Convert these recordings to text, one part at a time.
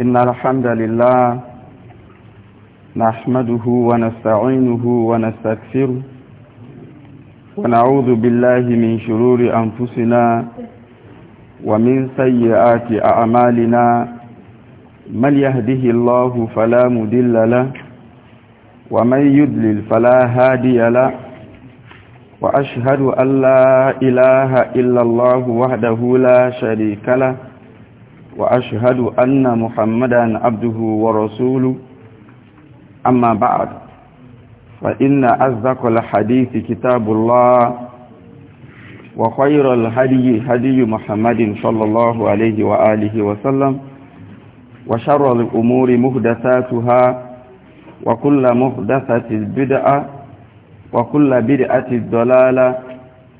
إن الحمد لله نحمده ونستعينه ونستغفره ونعوذ بالله من شرور أنفسنا ومن سيئات أعمالنا من يهده الله فلا مدل له ومن يدلل فلا هادي له وأشهد أن لا إله إلا الله وحده لا شريك له وأشهد أن محمدا عبده ورسوله أما بعد فإن أصدق الحديث كتاب الله وخير الهدي هدي محمد صلى الله عليه وآله وسلم وشر الأمور مهدثاتها وكل مهدثة بدعة وكل بدعة الضلالة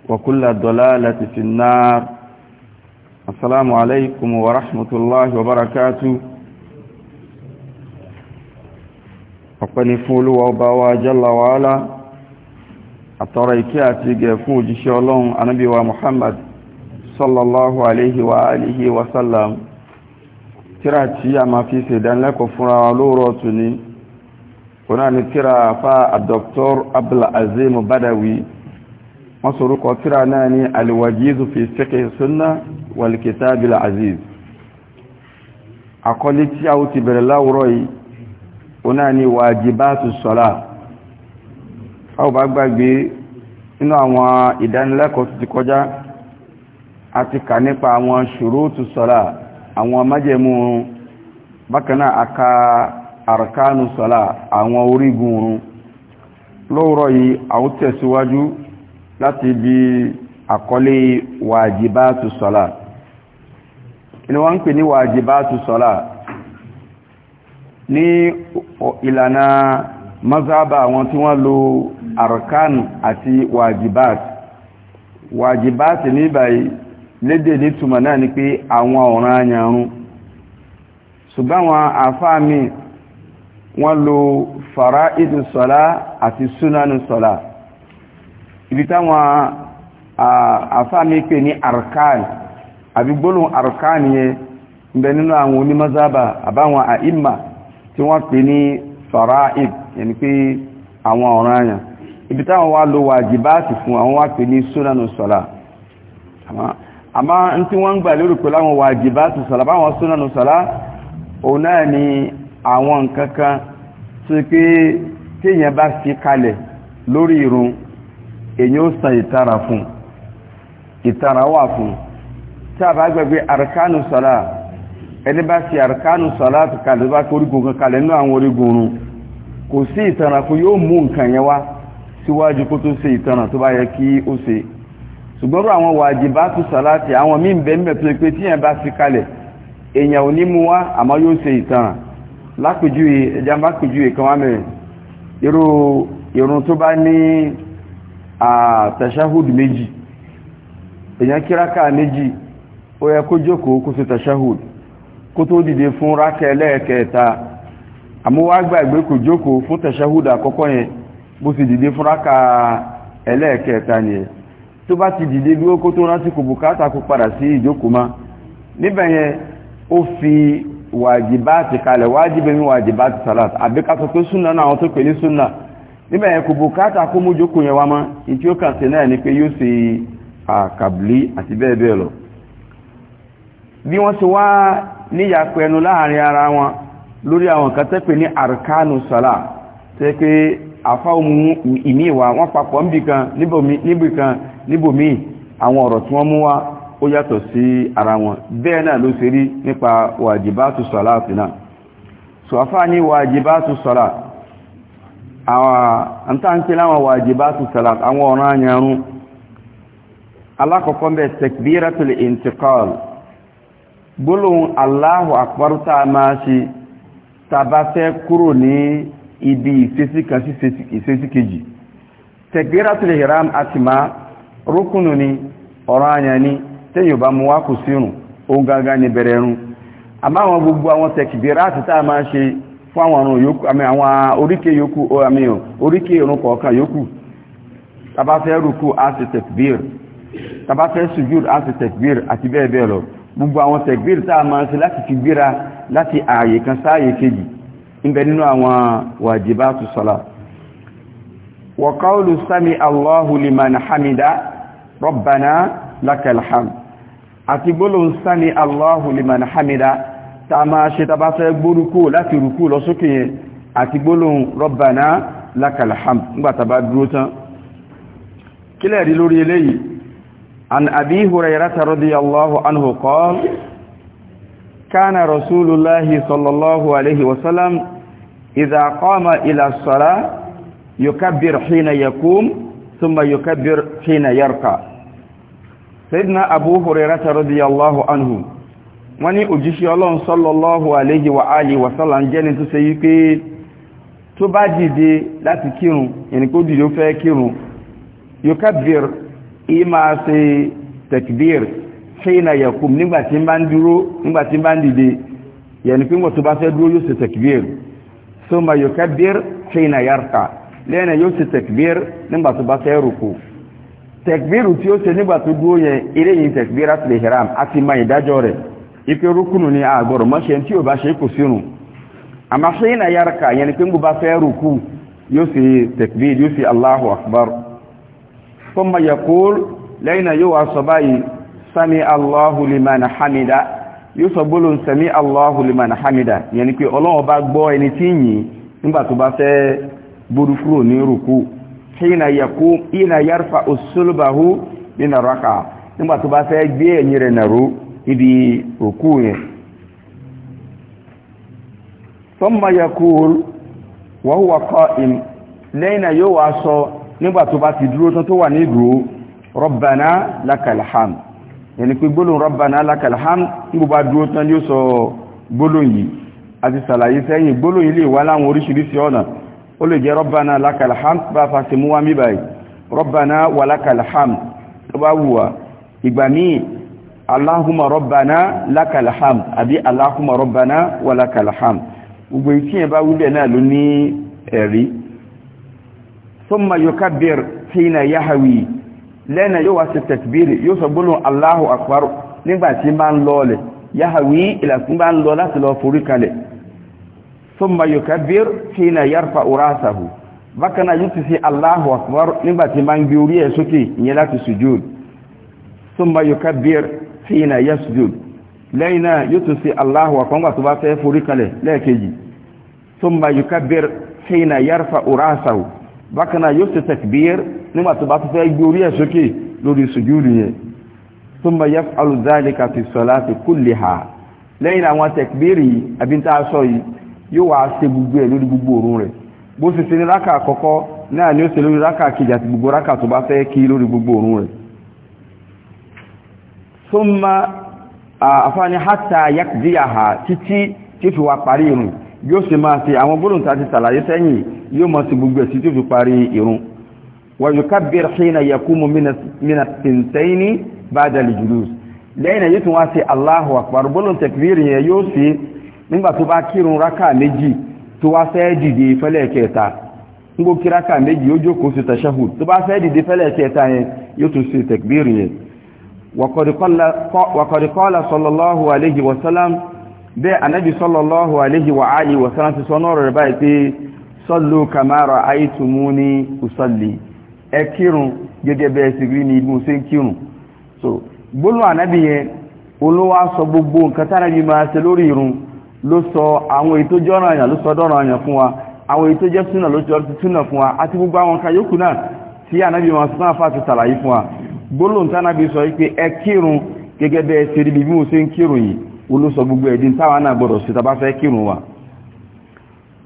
وكل ضلالة في النار السلام عليكم ورحمة الله وبركاته ọ̀pẹ́ni fún olúwa ọba wa jalla wa ala àtọ̀rọ̀ ìkẹ́ àti صلى الله عليه ọlọ́run ànábì wa muhammad sallallahu alaihi wa alihi wa sallam tíra tí a ma fi ṣe ìdánilẹ́kọ̀ọ́ fúnra wa lóòrọ̀ tù ní kòná ni tíra fa dr abdulazeem badawi wọ́n sorúkọ tíra náà ní alwajizu fi fiqh sunnah walkitabil aziz àkọlé tí a ó ti bẹ̀rẹ̀ láwùrọ̀ yìí ó náà ni wàjibátu sọ́lá a ò bá gbàgbé nínú àwọn ìdánilẹ́kọ̀ọ́ tó ti kọjá a ti kà nípa àwọn ṣùrútù sọ́lá àwọn májẹ̀mú bákanáà aka arkanu sọ́lá àwọn orígun oorun yìí a ó tẹ̀síwájú láti ni wọ́n ń pè ní wajibatu sọ́lá ní ìlànà mazhaba àwọn tí wọ́n lo arkan àti wajibat wajibat ní báyìí lédè ní túmọ̀ náà ni pé àwọn ọ̀ràn ayàrún ṣùgbọ́n àwọn àfáà mi wọ́n lo fara'idu sọ́lá àti súnánù sọ́lá ibi táwọn àfáà pè ní arkan abin gbolin arkani ye mbe ninu awon onimazaba abawon a'imma ti won pe ni fara'id yani pe awon oran aya ibi ta wa lo wajibati fun awon wa ni sunanu sala ama ama nti won gba lori pe lawon wajibati sala bawon sunanu sala onani awon kankan ti pe teyan ba fi kale lori irun eyan o san itara fun itara wa fun tá a bá arkanu sọ́lá ẹni bá ti arkanu sọ́lá tó kalẹ̀ bá korígun kan kalẹ̀ nínú àwọn orígun oorun kò sí ìtanà kó yóò mú nǹkan yẹn wá síwájú kó tó ṣe ìtanà tó bá yẹ kí ó ṣe ṣùgbọ́n àwọn wàjìbátù sàláàtì àwọn míì bẹ̀m̀bẹ̀ tó pé tí yẹn bá fi kalẹ̀ èèyàn ò ní mú wá àmọ́ yóò ṣe ìtanà lápèjúwe ẹja má pèjúwe kan wá mẹ́rin irú irun tó bá ní àtàṣáhùd méjì èèyàn kíráká méjì ó yẹ kó jókòó kó ṣe tashahud kó tó dìde fún rákà ẹlẹ́ẹ̀kẹta àmúwá gbàgbé kò jókòó fún tashahud àkọ́kọ́ yẹn bó sì dìde fún rákà ẹlẹ́ẹ̀kẹta nìyẹn tó bá ti dìde dúró kó tó rántí kò bùkátà kó padà sí ìjókòó má níbẹ̀ yẹn ó fi kalẹ̀ salat súnà náà àwọn tó pè bí wọ́n ti wá níyàpẹ̀ ẹnu láàrin ara wọn lórí àwọn kan tẹ́pẹ̀ ní arkanu sala tẹ́ pé àfá ohun wa wọ́n papọ̀ níbìkan níbìkan níbòmí àwọn ọ̀rọ̀ tí wọ́n mú wá ó yàtọ̀ sí ara wọn bẹ́ẹ̀ náà ló ṣe rí nípa wàjìbátù sọ̀lá àfinà so afá ní àwọn láwọn àwọn alákọ̀ọ́kọ́ gbólóhùn Allahu Akbar máa ṣe tàbá kúrò ní ibi ìfẹ́sí kan sí ìfẹ́sí kejì takbiratul hiram àti máa rúkúnù ni ọ̀rọ̀ àyà ni tẹ́yìn mú wá ní bẹ̀rẹ̀ gbogbo àwọn takbirati tá a máa ṣe fún àwọn ọ̀run yòókù àmì àwọn oríkè yòókù àmì oríkè kọ̀ọ̀kan yòókù rúkú gbogbo àwọn tẹ̀gbìr tá a máa ṣe láti fi gbéra láti ààyè kan sáàyè kejì ìbẹ nínú àwọn wajibatu sọ́lá wa qawlu sami allahu liman hamida rabbana lakal àti gbólóhùn sami allahu hamida tá máa ṣe tàbá fẹ́ gbórúkú láti rúkú lọ sókè àti gbólóhùn rabbana lakal hamd nígbà dúró tán kílẹ̀ rí lórí eléyìí عن أبي هريرة رضي الله عنه قال كان رسول الله صلى الله عليه وسلم إذا قام إلى الصلاة يكبر حين يقوم ثم يكبر حين يركع سيدنا أبو هريرة رضي الله عنه وني ní الله صلى الله عليه wà áàlì wàsọ́là ń jẹ́ni tó ṣe yí pé tó bá dìde láti kírun ẹni ima ṣe tekbir hina yakum nígbà tí bá ń dúró nígbà tí bá ń dìde yani pé ngoto bá ṣe dúró yó ṣe tekbir thumma yukabbir hina yarka lena yó ṣe tekbir nígbà tó bá ṣe ruku tekbir tí ó ṣe nígbà tó dúró yẹn ire yin tekbirat li ihram àti ma ìdájọ́ rẹ̀ ipe rukunu ni agboro mo ṣe tí ó bá ṣe kò sírun ama hina yarka yani pé ngo bá ṣe ruku yo ṣe tekbir yo ṣe allahu akbar ثم يقول لين يو صباي سمع الله لمن حمده يسبل سمع الله لمن حمده يعني pé Ọlọ́run bá gbọ́ ẹni tin yin nígbà tó bá fẹ́ boru kúrò ní ruku hina yaqum ina yarfa usulbahu min raka nígbà tó bá fẹ́ gbé ẹ̀yìn rẹ̀ naro ibi ruku yẹn ثم يقول وهو قائم لين يو صباي nígbà tó bá ti dúró tán tó wà ní ìdúró rọ́bàná lákàlham ẹni pé gbólóhùn rọ́bàná lákàlham nígbà bá dúró tán yóò sọ gbólóhùn yìí àti sàlàyé sẹ́yìn gbólóhùn ilé wà láwọn oríṣiríṣi ọ̀nà ó lè jẹ́ rọ́bàná lákàlham bá fàṣẹ mú wá mí báyìí rọ́bàná wà lákàlham tó bá wù wá ìgbà míì gbogbo ìtìyẹn bá wílẹ̀ náà ló ní ẹ̀rí ثم يكبر حين يهوي لنا يوا التكبير يسبح الله اكبر nígbà tí bá ń lọ le yahwi ila kun bá ń lọ láti lọ forí kalẹ̀ thumma yukabbir hina yarfa rasahu bakana yutisi Allahu akbar nígbà tí bá ń gbé orí ẹ̀ sókè ìyẹn láti sujud thumma yukabbir hina yasjud laina yutisi Allahu akbar nígbà tó bá fẹ́ forí kalẹ̀ lẹ́ẹ̀kejì thumma yukabbir hina yarfa rasahu bákan náà yóò ṣe takbir nígbà tó bá tó fẹ́ gbé orí ẹ̀ sókè lórí sùjúdù yẹn thumma yaf'alu dhalika fi salati kulliha lẹ́yìn àwọn takbir yìí àbí tá a sọ yìí yóò wá ṣe gbogbo ẹ̀ lórí gbogbo òórùn rẹ̀ bó ṣe ṣe ní rákà àkọ́kọ́ náà ni ó ṣe lórí rákà kejì àti gbogbo rákà tó bá fẹ́ kí lórí gbogbo òórùn rẹ̀ thumma àfáàní hatta yakdiyaha títí tí ó fi wá parí ìrùn yóò ṣe máa ṣe àwọn gbólóhùn tá a ti ṣàlàyé sẹ́yìn yóò máa ṣe gbogbo ẹ̀sìn tó fi parí irun wa yukabbir hina yakumu mina tintaini ba'da al-julus lẹ́yìn náà yóò tún wá ṣe Allahu akbar gbólóhùn takbir yẹn yóò ṣe nígbà tó bá kírun rákà méjì tó wá fẹ́ dìde fẹ́lẹ̀ kẹta ń gbó kí rákà méjì yóò jókòó sí tashahud tó bá fẹ́ dìde fẹ́lẹ̀ kẹta yẹn yóò tún ṣe takbir yẹn wa qad qala sallallahu alayhi wa bẹ́ẹ̀ anábì sallallahu alayhi wa alihi wa sallam ti sọ náà rẹ̀ báyìí pé sallu kama ra'aytumuni usalli ẹ kírun gẹ́gẹ́ bẹ́ẹ̀ sì rí ní ibùn sí so bolu anábì yẹn olówó sọ gbogbo nǹkan tánàbì máa ṣe lórí irun ló sọ àwọn èyí tó jọ́ràn àyàn ló sọ dọ́ràn àyàn fún wa àwọn èyí tó jẹ́ súnà ló jọ súnà fún wa àti gbogbo àwọn yókù náà gẹ́gẹ́ bẹ́ẹ̀ rí olóso gbogbo ẹ̀dín táwọn náà gbọdọ̀ sí tàbá fẹ́ kírun wa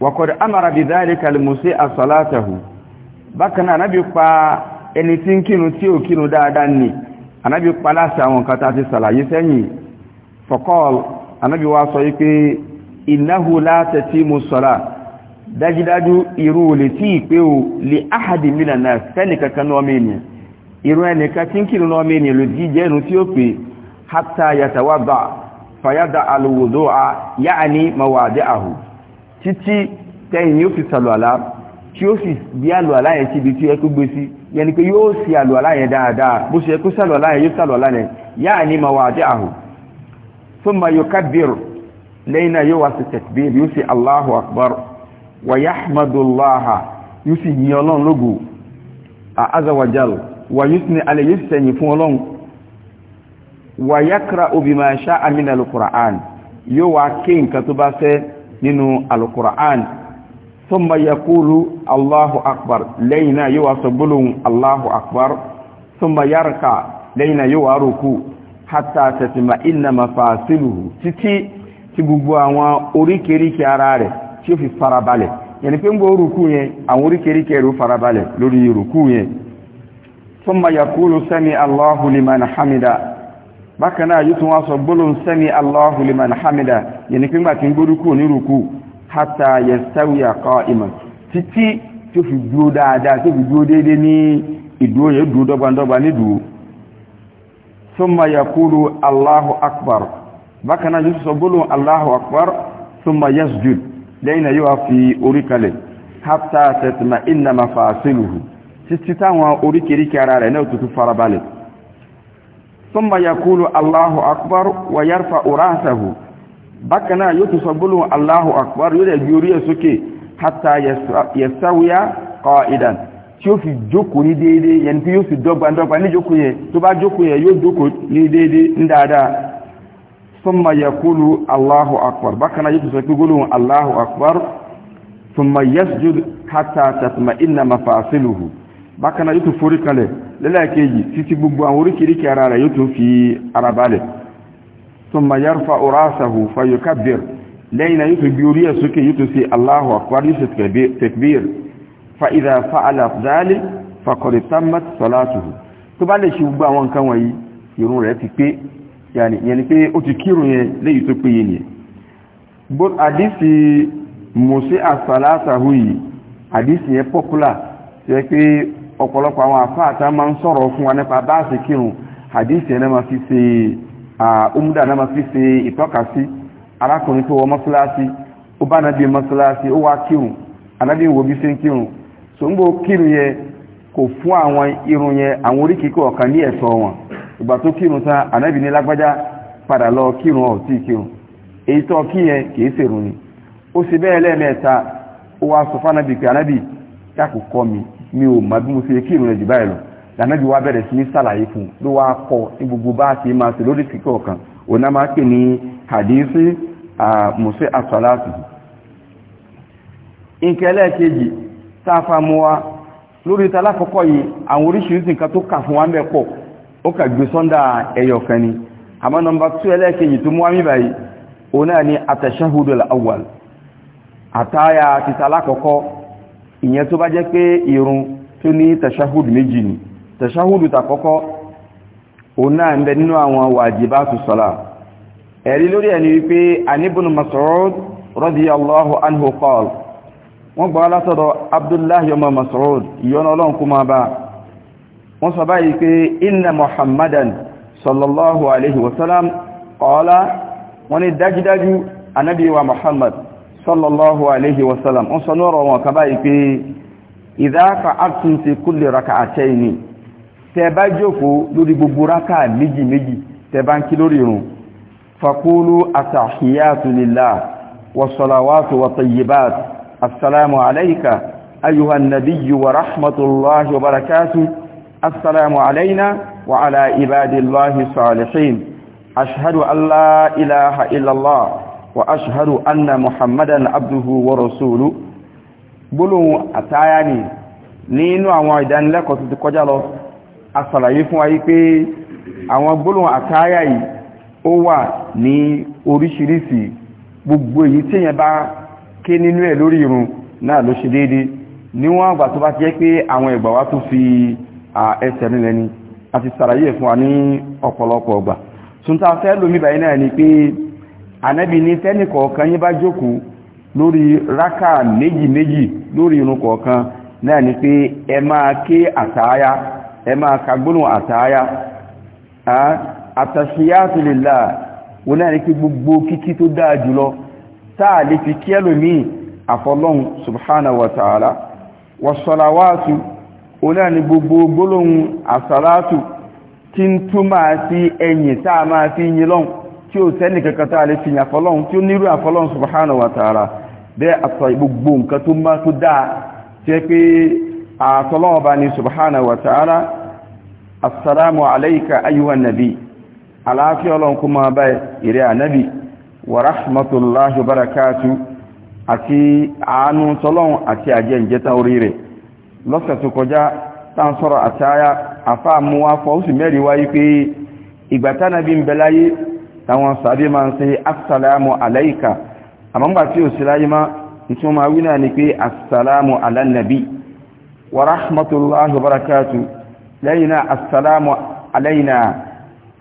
wàkọ̀dẹ̀ amara bí dáàrí kalimuse asọ́látàhù bákanáà anábí pa ẹni tí ń kírun tí ò kírun dáadáa ni anábí pa láti àwọn nǹkan tàbí sàlàyé sẹ́yìn fọ́kọ́l anábí wá sọ wípé ináhù látẹ̀tí mu sọ́lá dájídájú irú olè tí ìpé o lè áhàdì mílíọ̀nù náà fẹ́nìkankan ní ọmọ ènìyàn irú Fayada alùwòdó a yáà ní mọ̀wàdé àhù títí tẹ́yìn yóò fi sàlùwàlá tí ó sì bí àlùwàlá yẹn síbi tí ẹkú gbé sí yẹni pé yóò sì àlùwàlá yẹn dáadáa bó ṣe ẹkú sàlùwàlá yẹn yóò sàlùwàlá yẹn yáà ní mọ̀wàdé àhù thumma yukabbiru lẹ́yìn náà yóò wá sí takbir yóò sì Allahu akbar wa yahmadullaha yóò sì yìn ọlọ́run lógo azawajal wa yóò sì ní fún ọlọ́run wa yakra'u bima sha'a min al-Qur'an yóò wá ké nǹkan tó bá fẹ́ nínú al-Qur'an thumma yaqulu Allahu akbar lẹ́yìn náà yóò wá sọ gbólóhùn Allahu akbar thumma yarka lẹ́yìn náà yóò wá rúkú hatta tatma'inna mafasiluhu títí tí gbogbo àwọn oríkèríkè ara rẹ̀ tí ó fi farabalẹ̀ yẹni pé ń gbọ́ rúkú yẹn àwọn oríkèríkè rú farabalẹ̀ lórí rúkú thumma yaqulu sami Allahu liman hamida bákan náà yóò tún wá sọ gbólóhùn sami Allahu liman hamida yẹni pé ńgbà tí ń gbórí kúrò nírùkú hatta yastawiya qa'iman títí tó fi dúó dáadáa tó fi dúó déédé ní ìdúó yẹ dúó dọ́gbandọ́gba nídùú thumma yaqulu Allahu akbar bákan náà sọ gbólóhùn Allahu akbar thumma yasjud lẹ́yìn náà yóò fi orí kalẹ̀ hatta tatma'inna mafasiluhu títí táwọn oríkèríkè ara rẹ̀ náà tuntun farabalẹ̀ ثم يقول الله أكبر ويرفع رأسه بكنا يتصبل الله أكبر يرى سكي حتى يستوي قائدا tí ó fi jókòó ní déédé yẹni tí yóò fi dọ́gbandọ́gba ní jókòó yẹ tó bá jókòó yẹ yóò jókòó ní déédé ń dáadáa summa yaqulu Allahu akbar bákaná yóò sọ pé gbólóhùn Allahu akbar summa yasjud hatta tatma'inna mafasiluhu bákaná yóò forí kalẹ̀ lẹ́lẹ́kejì títí gbogbo àwọn oríkìríkì ara rẹ̀ yóò tún fi ara balẹ̀ thumma yarfa'u ra'sahu fayukabbir lẹ́yìn náà yóò tún gbé orí ẹ̀ sókè yóò tún sí Allahu akbar yóò tún takbir fa idha fa'ala dhalik faqad tammat salatuhu tó bá lè ṣe gbogbo àwọn nǹkan wọ̀nyí irun rẹ̀ ti pé yẹni pé ó ti kírun yẹn léyìí tó péye nìyẹn bó àdísì mùsí àsàlátàhù yìí ọ̀pọ̀lọpọ̀ àwọn àfáà tá máa ń sọ̀rọ̀ fún wa nípa bá àṣẹ kírun hadith ẹ̀ náà máa fi ṣe umda náà ma fi ṣe ìtọ́kasí arákùnrin tó wọ mọ́sálásí ó bá nàbí mọ́sálásí ó wá kírun anábì wo bí ṣe ń so ń gbó kírun yẹ kò fún àwọn irun yẹ àwọn oríkèé kọ̀ọ̀kan ní wọn ìgbà tó tán ní lọ èyí tó kí yẹn kìí ni ó bẹ́ẹ̀ lẹ́ẹ̀mẹ́ta ó wá sọ pé mi ò mọ bí mo ṣe kí ìrìnàjò báyìí lọ lànàbí wa bẹ̀rẹ̀ sí ní sàlàyé fún ló wá kọ́ ní gbogbo bá ṣe máa ṣe lórí kíkọ́ kan òná máa pè ní hadisi mùsẹ́ àṣàlátù ìkẹlẹ̀ kejì sáfàmúwa lórí talákọ́kọ́ yìí àwọn oríṣiríṣi nǹkan tó kà fún wa mẹ́ pọ̀ ó kà gbé sọ́ndà ẹyọ ni àmọ́ nọmba tú ẹlẹ́kejì tó mú wa mí báyìí òun náà ni atashahudul awwal àtáyà ti talákọ́kọ́ ìyẹn tó bá jẹ́ pé irun tó ní tashahud méjì ni tashahud tàkọ́kọ́ òun náà ń bẹ nínú àwọn wajibatu salat ẹ̀rí lórí ẹni wípé anibun Mas'ud radiyallahu anhu qala wọ́n gbọ́ látọ̀dọ̀ abdullahi ọmọ Mas'ud ìyọ́nà ọlọ́run kú máa bá wọ́n sọ báyìí pé sallallahu alayhi wa sallam on sọ noro wọn ka báyìí pé idha fa'altum fi kulli rak'atayn tẹ́ bá jókòó lórí gbogbo raka méjì méjì tẹ́ bá ńkí lórí run faqulu atahiyatu lillah wa salawatu wa tayyibat assalamu alayka ayuha an-nabiy wa rahmatullahi wa barakatuh assalamu alayna wa ala ibadillahi salihin ashhadu an la ilaha illa allah Kwa wa ashharu anna muhammadan abduhu wa rasulu bulu atayani ninu awon idan leko ti koja lo asala yi fun aye pe awon bulu ataya yi o wa ni orisirisi gbogbo eyi ti ba ke ninu e lori irun na lo se dede ni won agba to ba ti je pe awon egba wa tun fi ese nile ni a ti saraye fun wa ni opolopo ogba tun pe anabi ni tẹ́nì kọ̀ọ̀kan yín bá jókòó lórí rákà méjì méjì lórí irun kọ̀ọ̀kan náà ni pé ẹ máa ké àtàáyá ẹ máa kagbónú àtàáyá àtàṣíyàtò lè láà náà pé gbogbo kíkí tó dáa jùlọ táà lè fi kí ẹlòmíì àfọlọ́hun subhanahu wa ta'ala wàṣọ́láwàtù wọ́n náà ní gbogbo gbólóhùn àṣàlátù tí ń túmọ̀ sí ẹ̀yìn táà máa fi yin tí ó sẹ́ni kankan tá a lè fi yàn fọ́lọ́hun tí ó nírú àfọ́lọ́hun subhanahu wa ta'ala bẹ́ẹ̀ àtọ̀ gbogbo nǹkan tó má tó dáa tí ẹ pé àtọ́lọ́wọ́ bá ní subhanahu wa ta'ala assalamu alayka ayyuhan nabi aláàfíà ọlọ́run kó máa bá ìrẹ́ ànábì wa rahmatullahi wa barakatuh àti àánú tọ́lọ́hun táwọn sàbí máa ń ṣe assalamu alaika àmọ́gbà tí ò sí láyé má tí wọ́n máa wí náà ni pé assalamu alannabi wa rahmatullahi wa barakatu lẹ́yìn náà assalamu alaina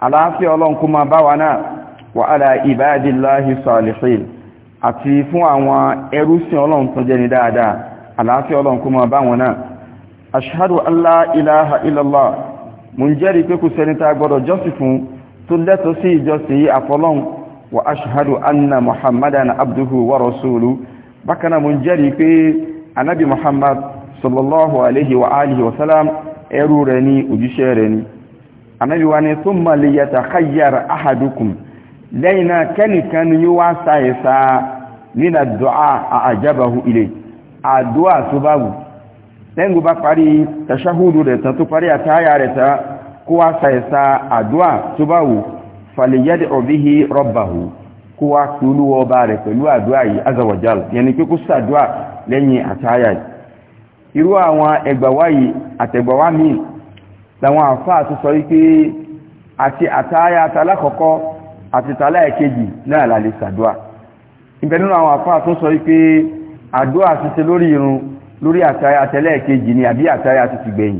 aláfíà ọlọ́nkú máa bá wa náà wa ala ibadillahi salihin àti fún àwọn ẹrúsìn ọlọ́run tó jẹ́ ni dáadáa aláfíà ọlọ́nkú bá wọn náà ashhadu an ilaha illallah mun jẹ́rìí pé kò sẹ́ni tá gbọ́dọ̀ jọ́sìn fún tó lẹ́tọ̀ọ́ sí ìjọsìn yìí àfọlọ́hun wa ashhadu anna muhammadan abduhu wa rasuluhu bákan náà mo ń jẹ́rìí pé anabi muhammad sallallahu alayhi wa alihi wa salam ẹrú rẹ̀ ni òjíṣẹ́ rẹ̀ ni anabi wa ni thumma liyatakhayyar ahadukum lẹ́yìn náà kẹ́nìkan ni yóò kó wá ṣàìsà àdúà tó bá wù fàlẹ̀yẹ́dẹ̀ ọ̀bíhì rọ́bàhù kó wá pé olúwa ọba rẹ̀ pẹ̀lú àdúà yìí azawajal yẹni pé kó ṣàdúà lẹ́yìn àtàyà irú àwọn ẹgbàwá yìí àtẹ̀gbàwá míì làwọn àfáà tó sọ wípé àti àtàyà àtàlákọ̀ọ́kọ́ àti tàláẹ̀kejì náà lálẹ́ ṣàdúà ìbẹ̀ nínú àwọn àfáà tó sọ wípé àdúà ṣiṣẹ́ lórí irun lórí àtàyà àtẹlẹ́ẹ̀kejì ni àbí àtàyà ti ti gbẹ̀yìn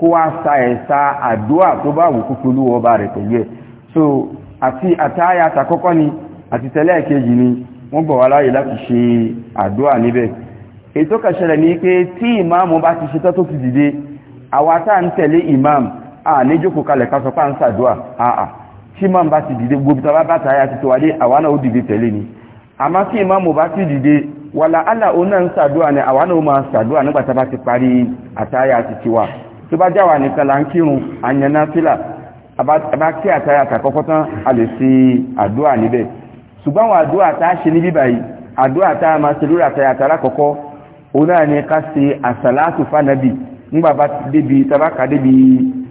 kó wá sa ẹ̀sà àdúà tó bá wù kúkú lúwọ́ bá rẹ̀ pẹ̀lú ẹ̀ so àti àtàyà àtàkọ́kọ́ ni àti tẹ́lẹ̀ kejì ni wọ́n bọ̀ wá láyé láti ṣe àdúà níbẹ̀ ètò kẹsẹ̀lẹ̀ ní pé tí ìmáàmù bá ti ṣetán tó ti dìde àwa tá ń tẹ̀lé ìmáàmù à ní kalẹ̀ ká ń sàdúà àà tí ìmáàmù bá ti dìde gbogbo tá bá tàyà ti tó àwa náà ó dìde tẹ̀lé ni àmá tí ìmáàmù bá ti dìde wàlà àlà òun náà ń sàdúà ni àwa náà ó máa sàdúà nígbà tá bá ti parí àtàyà ti tiwa tó bá jáwà nìkan là ń kírun àyànná fílà àbá kí àtàrà àtàkọ́kọ́ tán a lè fi àdúà níbẹ̀ ṣùgbọ́n àwọn àdúà tá a ṣe ní bíbà yìí àdúà tá a máa ṣe lórí àtàrà àtàrà kọ́kọ́ òun ká ṣe àṣàlátù fánàbì nígbà bá débi tabaka débi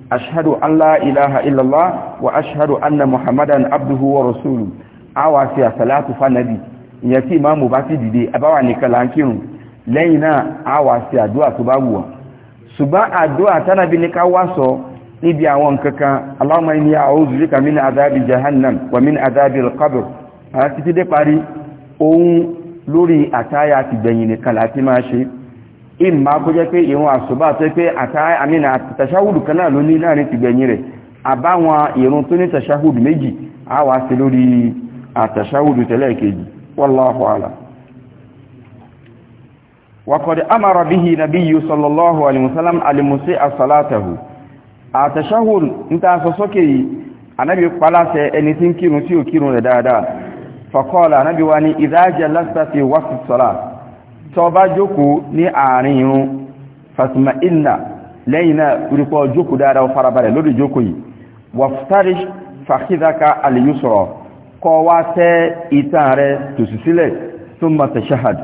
ashhadu an la ilaha illallah wa ashhadu anna muhammadan abduhu wa Rasulu a wá ṣe àṣàlátù fánàbì ìyẹn tí ìmáàmù bá ti dìde àbáwà nìkan là ń kírun lẹ́yìn náà a wá ṣe àdúà tó bá wù wọ́n ṣùgbọ́n àdúrà tánàbí ní ká wá sọ níbi àwọn kankan Allahumma inni a'udhu bika min adhabi jahannam wa min adhabi al-qabr àti ti dé parí ohun lórí àtáyà ti gbẹ̀yìn nìkan láti máa ṣe ìmá kó jẹ́ pé ìrun àṣùbà tó pé àtáyà àmìnà àtàṣáhùdù kan náà ló ní láàrin ti gbẹ̀yìn rẹ̀ وقد أمر به نبي صلى الله عليه وسلم المسيء صلاته àtẹ̀ṣáhùn níta sọ sókè yìí anábi paláṣẹ ẹni tí ń kírun tí ò kírun rẹ̀ dáadáa fàkọ́ọ̀lá anábi wa ní ìdájẹ́ lásìtàfí wáṣì sọ́lá tó bá jókòó ní àárín irun fatima inna lẹ́yìn náà rípọ̀ jókòó dáadáa farabalẹ̀ lórí jókòó yìí wàftarish fàkídáka alìyúsọ̀rọ̀ kọ́ wá tẹ́ ìtàn rẹ̀ tòṣìṣílẹ̀ tó mọ̀ tẹ̀ṣáhàdì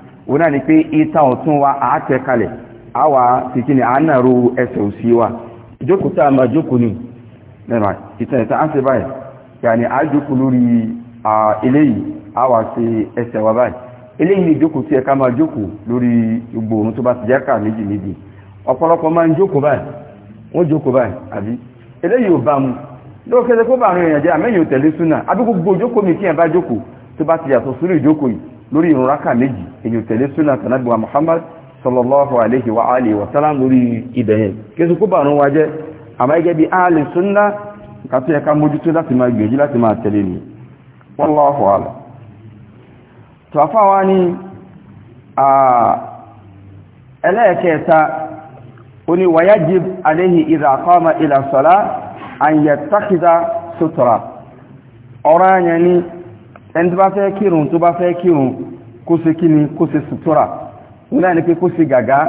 òun náà ni pé itan ọ̀tún wa àátẹ́ kalẹ̀ àwà títí ni àánàrú ẹsẹ̀ òsì wa ìjókòó tá a máa jókòó ni lẹ́nà ìtàn ìtàn á ṣe báyìí yàní àjókòó lórí eléyìí àwà sí ẹsẹ̀ wa báyìí eléyìí ni ìjókòó tí ẹ ká máa jókòó lórí gbogbo òun tó bá ti jẹ́ ká méjì méjì ọ̀pọ̀lọpọ̀ máa ń jókòó báyìí wọ́n jókòó báyìí àbí eléyìí ò bá mu lóòkẹ́sẹ̀ kó bá èèyàn jẹ́ àmẹ́yìn ò àbí gbogbo ìjókòó mi tí ẹ bá jókòó tó bá ti yàtọ̀ sórí ìjókòó yìí lórí ìrun rákà méjì èyàn tẹ̀lé súnà tànàbíwá Muhammad sallallahu alaihi wa alihi wa sallam lórí ìdẹ̀yẹn kéṣù kó bàrún wa jẹ́ àmá gẹ́gẹ́ bí áàlì súnà kàtó ẹka mójútó láti máa gbèjì láti máa tẹ̀lé ni wallahu ala tó afáwa ni ẹlẹ́ẹ̀kẹta ó ní wayajib ẹni tó bá fẹ́ kírun tó bá fẹ́ kírun kó kí ni kó sutura wọn náà ni pé kó ṣe gàgá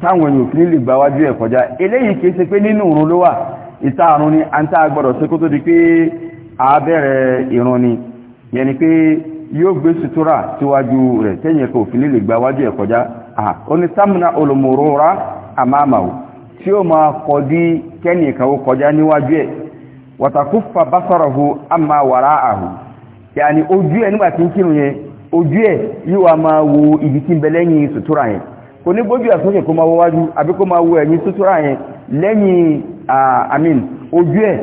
táwọn èèyàn kì í lè gbà wájú ẹ̀ eléyìí kìí pé nínú òrùn ló wà ni a gbọ́dọ̀ kó tó di pé a bẹ̀rẹ̀ ìrun ni yẹn ni sutura síwájú rẹ̀ tẹ́yìn ẹ̀kọ́ òfin lè gbà wájú ó ní sámúnà olùmọ̀rọ̀ra tí ó máa kọ dí kẹ́nìkan ó kọjá níwájú ẹ̀ wàtàkùfà bá sọ̀rọ̀ yàní ojú ẹ̀ nígbà tí ń kírun yẹn ojú ẹ̀ yóò wá wo ibi tí ń bẹ lẹ́yìn sutura yẹn kò ní gbójú ẹ̀ sókè kó máa wo àbí kó máa wo ẹ̀yìn sutura yẹn lẹ́yìn àmín ojú ẹ̀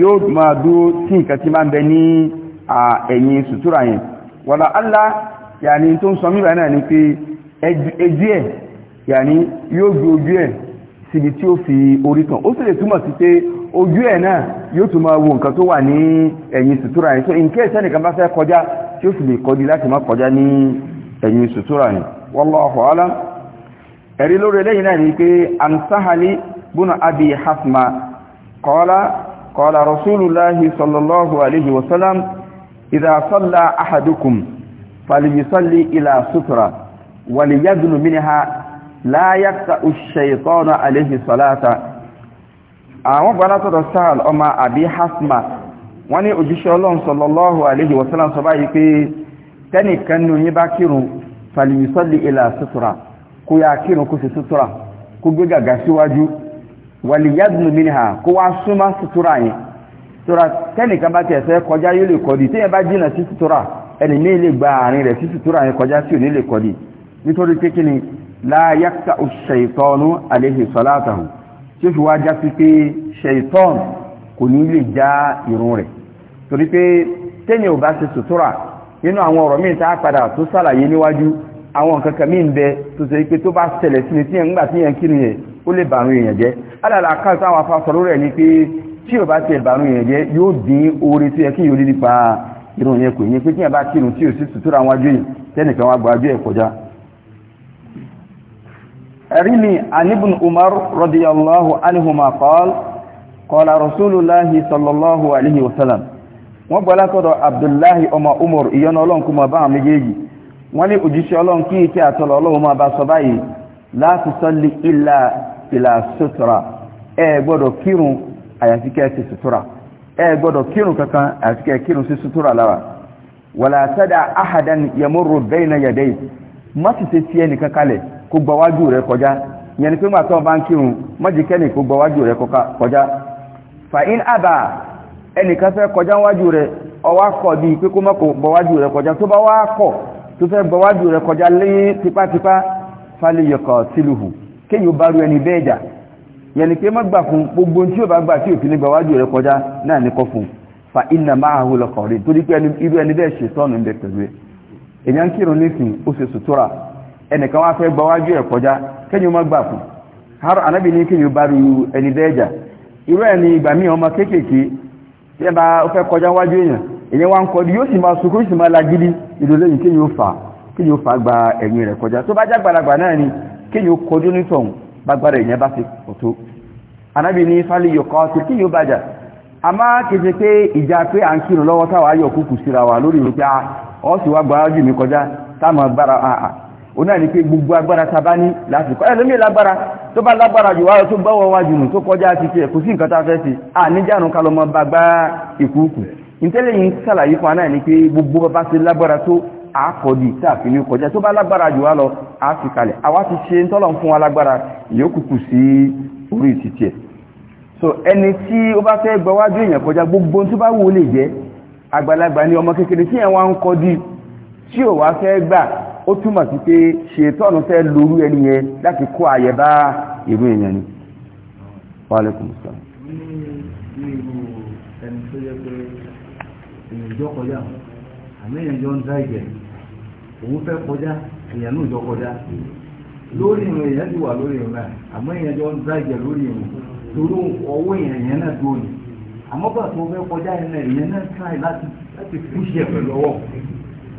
yóò máa dúró sí nǹkan tí máa ń bẹ ní ẹ̀yìn sutura yẹn wàlá Allah yàní tó ń sọ mí báyìí náà ni pé ojú ẹ̀ yàní yóò gbé ojú ẹ̀ síbi tí ó fi orí kan ó sì lè túmọ̀ sí pé ojú ẹ̀ náà yóò tún máa wo nǹkan tó wà ní ẹ̀yìn sùtúrà yìí so in case ẹnìkan bá fẹ́ kọjá tí ó sì lè kọjú láti má kọjá ní ẹ̀yìn sùtúrà yìí wallahu alam ẹ̀rí lórí eléyìí náà ni pé an Sahali Abi Hasma qala qala rasulullahi sallallahu alayhi wa idha salla ahadukum falyusalli ila sutra waliyadnu minha la yaqta ash-shaytanu alayhi salata àwọn gbọ́dá sọ́dọ̀ sáàl ọmọ àbí hasma wọ́n ní òjíṣẹ́ ọlọ́run sallallahu alayhi wa sallam sọ báyìí pé tẹ́nìkan ní oyin bá kírun fàlìyìsọ́lì ilà sutura kó yá kírun kó sì sutura kó gbé gàgà síwájú wàlìyàdùnú kó wá súnmọ́ sutura tí ó fi wá já sí pé ṣẹ̀tọ́n kò ní lè já irun rẹ̀ torí pé tẹ́yìn ò bá ṣe sùtúrà nínú àwọn ọ̀rọ̀ míì tá a padà tó sàlàyé níwájú àwọn nǹkan kan míì ń bẹ tó ṣe pé tó bá ṣẹlẹ̀ sí ni tí yẹn ń gbà tí yẹn kírun yẹn ó lè bàrún èèyàn jẹ́ alàlà àkáǹtì àwọn afáfọ́ lórí ẹ̀ ni pé tí ò bá ti ẹ̀bàrún èèyàn jẹ́ yóò dín oore tí yẹ kí yóò lè nípa irun yẹn kò yẹn pé tí yẹn bá kírun tí ò sí sùtúrà wájú yìí tẹ́nìkan wá gbọ́ ẹ̀ kọjá أرني عن ابن عمر رضي الله عنهما قال قال رسول الله صلى الله عليه وسلم وبلغ عبد الله أما عمر ينالون كما با مجيجي وني اوجيشي اولون كي كي اتول اولون ما با لا تصلي الا الى سترة اي غودو كيرون ايافي كي سترة اي غودو كيرون ككان ايافي كي كيرون سترة لا ولا تدع احدا يمر بين يديك ما تسيتي ككاله kó gbọ́wájú rẹ̀ kọjá yẹn ni pé gbà tó bá ń kírun mọ́jìkẹ́ni kó gbọ́wájú rẹ̀ kọjá fàín àbà ẹnìkan fẹ́ kọjá wájú rẹ̀ ọwá kọ̀ bí pé kó mọ́kò gbọ́wájú rẹ̀ kọjá tó bá wá kọ̀ tó fẹ́ gbọ́wájú rẹ̀ kọjá lé tipátipá fàlẹ́yọkọ̀ sílùhù kéyìn ó ẹni bẹ́ẹ̀jà yẹn ni pé mọ́gbà fún gbogbo tí ó bá gbà tí òfin gbọ́wájú rẹ̀ kọjá náà ní kọ́ fún fa iná máa hù lọ́kọ̀ rí torí pé irú ẹni bẹ́ẹ̀ ṣe tọ́nù ń bẹ pẹ̀lú ẹ̀ èèyàn kírun nísìn ó ṣe sùtúrà ẹnìkan wá fẹ́ gbọ́wájú ẹ̀ kọjá kẹ́yìn ọmọ gbà fún har anábì ní kíyìn bá rú ẹni dẹ́ẹ̀jà irú ẹ̀ ni ìgbà míì ọmọ kéékèèké tí ẹ bá fẹ́ kọjá wájú èèyàn èèyàn wá ń kọ́ yóò sì máa sunkún sì máa lagidi ìdòlẹ́yìn kíyìn ó fà kíyìn ó fà gba ẹ̀yìn rẹ̀ kọjá tó bá já gbàlagbà náà ni kíyìn ó kọjú nítọ̀hún bágbára èèyàn bá fi ọ̀tọ́ anábì ní fálí yọkọ́ ti kíyìn gbára àà ah, ah, ó náà ní pé gbogbo agbára ta bá ní lásìkò ẹlòmí lágbára tó bá lágbára jù wáyọ tó bọ́wọ́ wájú nù tó kọjá ti tiẹ̀ kò sí nǹkan tá a fẹ́ sí à níjànú ká lọ́mọ bá gbá ìkúùkù ìtẹ́lẹ̀ yìí ń sàlàyé fún aná ní pé gbogbo bàbá sí lágbára tó àkọ́dì tààfin ní kọjá tó bá lágbára jù wá lọ àfikalẹ̀ àwa ti ṣe tọ́lọ̀ fún wa lágbára ìyókùkù sí orí ìtìtì ẹ̀ so ẹni tí ó bá fẹ́ gbọ́wájú èèyàn kọjá gbogbo tó bá wù ó lè jẹ́ àgbàlagbà ni ọmọ kékeré tí ẹ̀wọ̀n ń kọjú tí ò wá fẹ́ gbà ó túmọ̀ sí pé ṣètọ́nù fẹ́ lórú ẹni yẹn láti kó àyẹ̀ bá ìlú èèyàn ni wàlẹ́kùn sọ. ẹni tó yẹ pé èèyàn jọ kọjá àmì èèyàn jọ ń dá ìgbẹ́ òun fẹ́ kọjá èèyàn náà jọ kọjá lórí ìrìn èèyàn ti wà lórí ìrìn àmọ́ èèyàn jọ ń dá lórí ìrìn torí ọwọ́ èèyàn náà dúró ni àmọ́ bàtà tó fẹ́ kọjá yẹn náà èèyàn náà try láti fi pẹ̀lú ọwọ́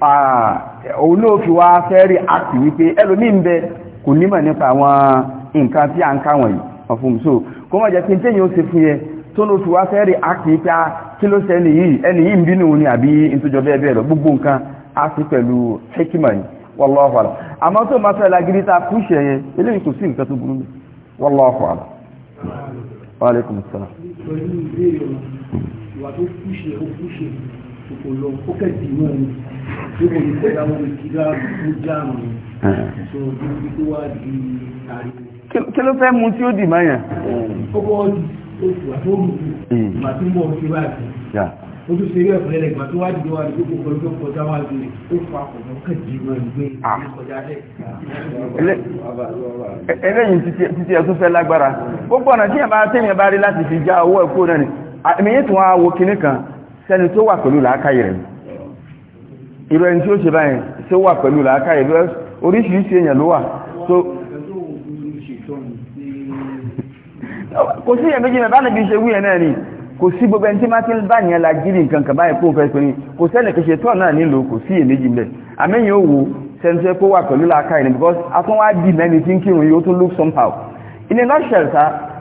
òun náà fi wá fẹ́rí àti wípé ẹlòmí ń bẹ kò nímọ̀ nípa àwọn nǹkan tí a ń ká wọ̀nyí so kó mọ̀ jẹ́ kí ó ṣe fún yẹ tó ló fi wá fẹ́rí àti pé ah, kí ló ṣe ẹni yìí ẹni yìí ń bínú ni àbí ìtòjọ bẹ́ẹ̀ bẹ́ẹ̀ lọ gbogbo nǹkan á sí kò lọ ó kẹ́sì mọ́ ẹni tí kò ní kọ́ra wọn kí láàmú ó jáàmù sọ bí tó wá di ariwo. kí ló fẹ́ mu tí ó dì máa yàn. kókó oṣù àtọ́rù màá hmm. tún bọ̀ sí báyìí ó tún ṣe eré ẹ̀fọ́ lẹ́lẹ̀ ìgbà tó wá dìde wá dìde kò kọjá kọjá wá dìde ó fa ọ̀nà kẹ̀jì mọ́ ìgbé ah. kọjá dẹ̀. eléyìí títí ẹ̀ tó fẹ́ lágbára gbogbo ọ̀nà tí ẹ̀ bá tẹ̀yìn bá rí láti fi já owó ẹ̀kọ́ náà ni àmì yìí tún wá wo kinní kan sẹ́ni tó wà pẹ̀lú làákàyè rẹ̀ irú ẹni tí ó ṣe báyìí tó wà pẹ̀lú làákàyè rẹ̀ oríṣiríṣi èèyàn ló wà tó kò sí èèyàn méjì níbi ìṣègùn yẹn náà ni kò sí gbogbo ẹni tí máa ti ń bá yẹn la nǹkan kan báyìí kó fẹ́ pé kò sẹ́ni kò ṣe tọ́ náà nílò kò sí èèyàn méjì àmẹ́yìn ó wo sẹ́ni wà pẹ̀lú làákàyè rẹ̀ because atúnwá dì mẹ́ni tí ń kírun yóò tún look somehow in a nutshell sir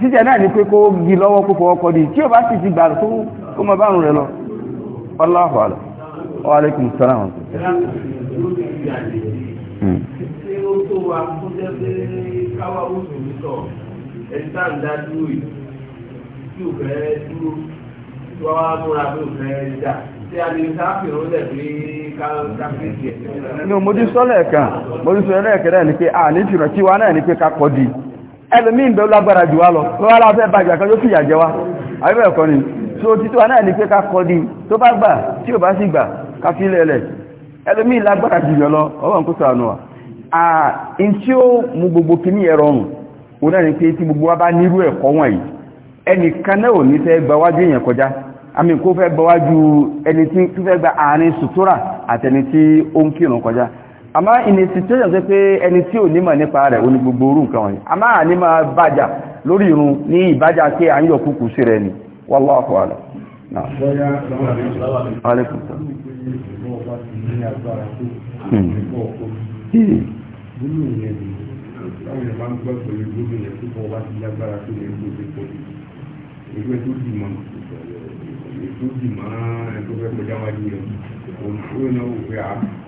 jíjẹ náà ní pé kó gi lọ́wọ́ kó fọwọ́ kọ́ di tí ó bá sì ti gbà tó kó mọ bá ń rẹ lọ Allahu a'lam wa alaikum salaam hmm. ah, ní o mojú sọ́lẹ̀ kan mojú sọ́lẹ̀ kẹrẹ ní pé a ní ṣùgbọ́n tí wá náà ní pé ká kọ́ di ẹlùmí ìbẹ̀ lágbára jù wá lọ lọ́wọ́ aláfẹ́ bàjẹ́ kan ló fìyà jẹ wá àríwẹ̀ ẹ̀kọ́ ni so títọ́ náà ní pé ká kọ́ di tó bá gbà tí ò bá sì gbà ká fi lẹ́lẹ̀ ẹlùmí lágbára jù yọ lọ ọwọ́n kó sànù wà in tí ó mú gbogbo kíní ó náà ní pé tí gbogbo wa bá nírú ẹ̀kọ́ àmá ìní situation tó pé ẹni tí ò nímọ̀ nípa rẹ̀ ó ní gbogbo orú nǹkan wọ̀nyí àmá àní máa bájà lórí irun ní ìbájà kí à ń yọ kúkú sí rẹ̀ ni wallahu a'lam Ìgbẹ́ tó dì mọ́ ètò dì ẹ̀tọ́ fẹ́ kọjá wájú rẹ̀ òun tó náà pé a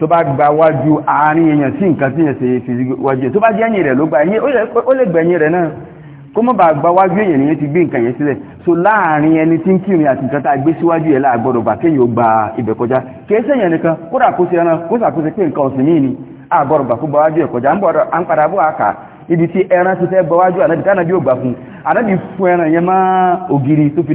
tó bá gba wájú àárín èèyàn tí nǹkan tí èèyàn ṣe fi wájú tó bá jẹ́ ẹ̀yìn rẹ̀ ló gba ẹ̀yìn ó lè gbẹ̀yìn rẹ̀ náà kó mọ́ bá gba wájú èèyàn ti gbé nǹkan yẹn sílẹ̀ so láàárín ẹni tí ń àti nǹkan tá a gbé síwájú yẹn láàgbọ́dọ̀ gbà kéèyàn gba ibẹ̀ kọjá kìí sẹ́yìn nìkan kódà kó ṣe kó ṣàkóso pé nǹkan ọ̀sìn ni gbà kó gba wájú ẹ̀ kọjá ń padà bọ́ àkà ibi tí gba wájú ànábì tánàbí ò gbà fún fún ẹran yẹn má ògiri tó fi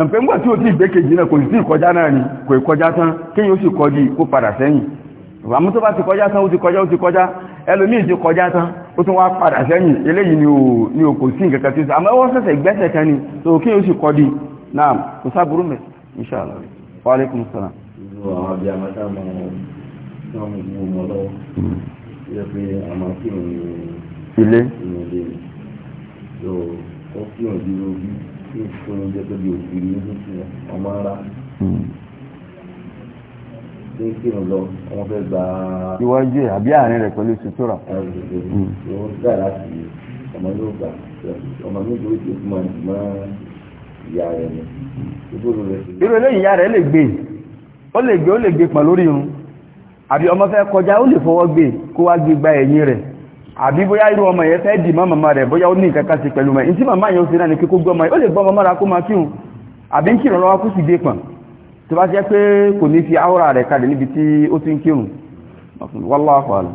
ẹ̀m̀pẹ́ ńgbà tí ó ti ìgbékejì náà kò sí ìkọjá náà ni kò ìkọjá tán kéyìn ó sì kọjú kó padà sẹ́yìn àmú tó bá ti kọjá tán ó ti kọjá ó ti kọjá ẹlòmíì ti kọjá tán ó tún wá padà sẹ́yìn eléyìí ni ò kò sí nǹkan tí ó sọ àmọ́ wọ́n sẹ̀sẹ̀ gbẹ́sẹ̀ kan ni tó kéyìn ó sì kọjú náà kò sáburú mẹ́ inṣàlá wa tí ó fún oúnjẹ tó di òkèèrè ní ọmọ ara hmm. ní kírun lọ ọmọ fẹ́ gba. iwájú ẹ àbí àárín rẹ pẹ̀lú sutura. ọmọ hmm. gbà láti ọmọ yóò gbà ọmọ mi lórí ti fún ọmọ ìmọ̀ ìyá rẹ ni. irú eléyìí ìyá rẹ lè gbé ó lè gbé ó lè gbé pọ̀ lórí irun àbí ọmọ fẹ́ kọjá ó lè fọwọ́ gbé kó wá gbé gba ẹ̀yìn rẹ̀ àbí bóyá irú ọmọ yẹn fẹ́ dì mọ́ màmá rẹ̀ bóyá ó ní ìkẹ́kẹ́ sí pẹ̀lú mẹ́ tí màmá yẹn ó fi náà ní kíkó gbọ́mọ ó lè gbọ́mọ mọ́ra kó máa kíhùn àbí ń kírun lọ́wọ́ kó sì dé pọ̀n tó bá jẹ́ pé kò ní fi áwòrà rẹ̀ kalẹ̀ níbi tí ó ti ń kírun wallahu a'lam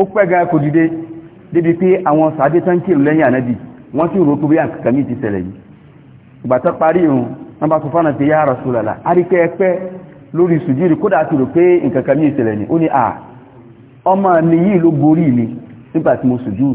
ó pẹ́gà kò dìde débi pé àwọn sàádé tán kírù lẹ́yìn ànábì wọ́n sì rò kúbí àkàkàmí ti ṣẹlẹ̀ yìí ìgbàtọ́ parí ìrùn wọ́n bá tún fánà pé yá Rasulullah àríkẹ́ ẹpẹ́ lórí sùjúrì kódà ti ni ó ní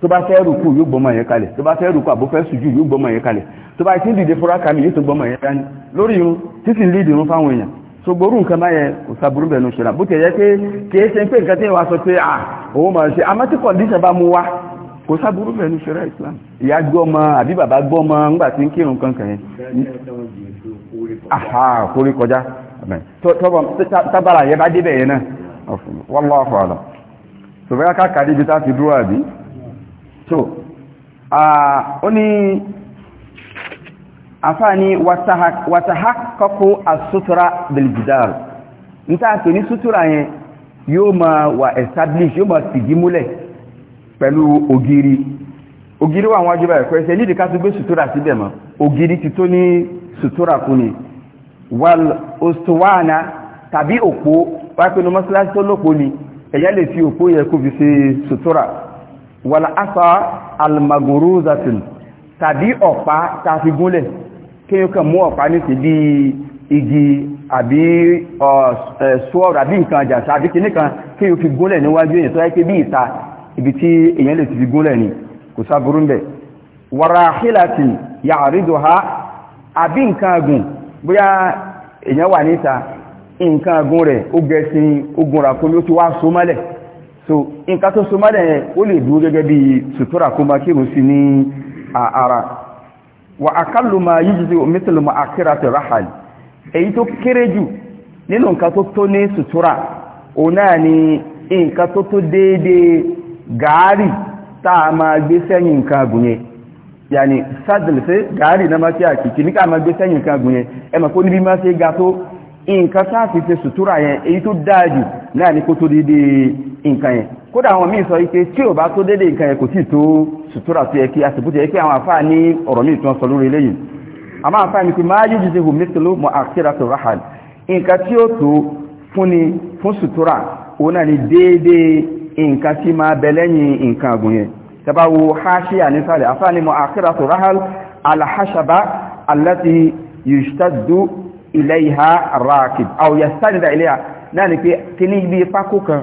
tó bá fẹ́ rùkú yóò gbọ́mọ̀ yẹn kalẹ̀ tó bá fẹ́ rùkú àbúfẹ́ sùjú yóò gbọ́mọ̀ yẹn kalẹ̀ tó bá ti ń dìde fúra kàmì yóò tó gbọ́mọ̀ yẹn dání lórí irun títí ń lídìí irun fáwọn èèyàn so gbórú nǹkan báyẹn kò sàbúrú bẹ̀nu ṣe bó tẹ̀ yẹ pé kìí ṣe pé nǹkan tí wàá sọ pé à ah, òun máa ṣe àmọ́ tí kọ̀ǹdíṣàn bá mú wá kò sàbúrú bẹ̀nu ṣe islam ìyá gbọ́ ọmọ àbí bàbá gbọ́ ọmọ ńgbà tí ń kírun kankan yẹn aha kórè kọjá tọ́bọ̀ tábàlà yẹn bá débẹ̀ yẹn náà wọ́n lọ́wọ́ fọ́ àlọ́ sọ̀rọ̀ ká kàdé ibi tá a ti dúró àbí so uh, ó ní àfáàní wàtàhákọ́kọ́ àsútura belgidar níta pè ní sutura yẹn yóò ma wà establish yóò ma fìdí múlẹ̀ pẹ̀lú ogiri ogiri wa wájú báyìí pẹ̀sẹ̀ nídìí ká tó gbé sútura síbẹ̀ mọ́ ògiri ti tó ní sútura kú ni wal ostowana tàbí òpó wáyé pé ní mọ́sálásí tó lópo ni ẹ̀yà lè fi òpó yẹ kó fi ṣe sútura Wala asa almaguruzatin tàbí ọ̀pá ta fi gúnlẹ̀ kí yóò kàn mú ọ̀pá ní sí bí igi àbí ṣọ́ọ̀rọ̀ àbí nǹkan àjàṣà àbí kìíní kan kí yóò fi gúnlẹ̀ níwájú èèyàn tó yẹ pé bí ìta ibi tí èèyàn lè ti fi gúnlẹ̀ ni kò sáburú ń bẹ̀ warahilatin ya'riduha àbí nǹkan agùn bóyá èèyàn wà níta nǹkan agùn rẹ̀ ó gẹṣin ó so nǹkan tó so mọ́dẹ̀ yẹn lè dúró gẹ́gẹ́ bí sutura kó máa kírun sí ní ara wà ákàlù máa yíjú sí omítìlù máa akíra ti ráhàlì èyí tó kéré jù nínú nǹkan tó tó ní sutura òun náà ni nǹkan tó tó déédéé gàárì tá a máa gbé sẹ́yìn nǹkan agùn yẹn yàní sádìlì sí gàárì náà máa ṣe àkìkì ní ká máa gbé sẹ́yìn nǹkan agùn ẹ mọ̀ kó níbi máa ṣe ga tó nǹkan sáà fi ṣe sutura yẹn èyí tó dáa jù náà ni kó tó déédéé nǹkan yẹn kódà àwọn míì sọ wípé tí ò bá tó dédé nǹkan yẹn kò tí tó sùtúrà tó yẹ kí a sì bú jẹ́ pé àwọn àfáà ní ọ̀rọ̀ míì tó ń sọ lórí eléyìí àmọ́ àfáà ní pé máa yóò jíjẹ hùmí mọ àkíra tó ráhàn nǹkan tí ó tó fúnni fún sùtúrà òun náà ni déédé nǹkan tí máa bẹ lẹ́yìn nǹkan àgùn yẹn tẹ́bá wo háṣíà nísàlẹ̀ àfáà ní mọ àkíra tó ráhàn alhashaba allati yushtaddu ilayha rakib aw yastanida ilayha náà ni pé kíní bí pákó kan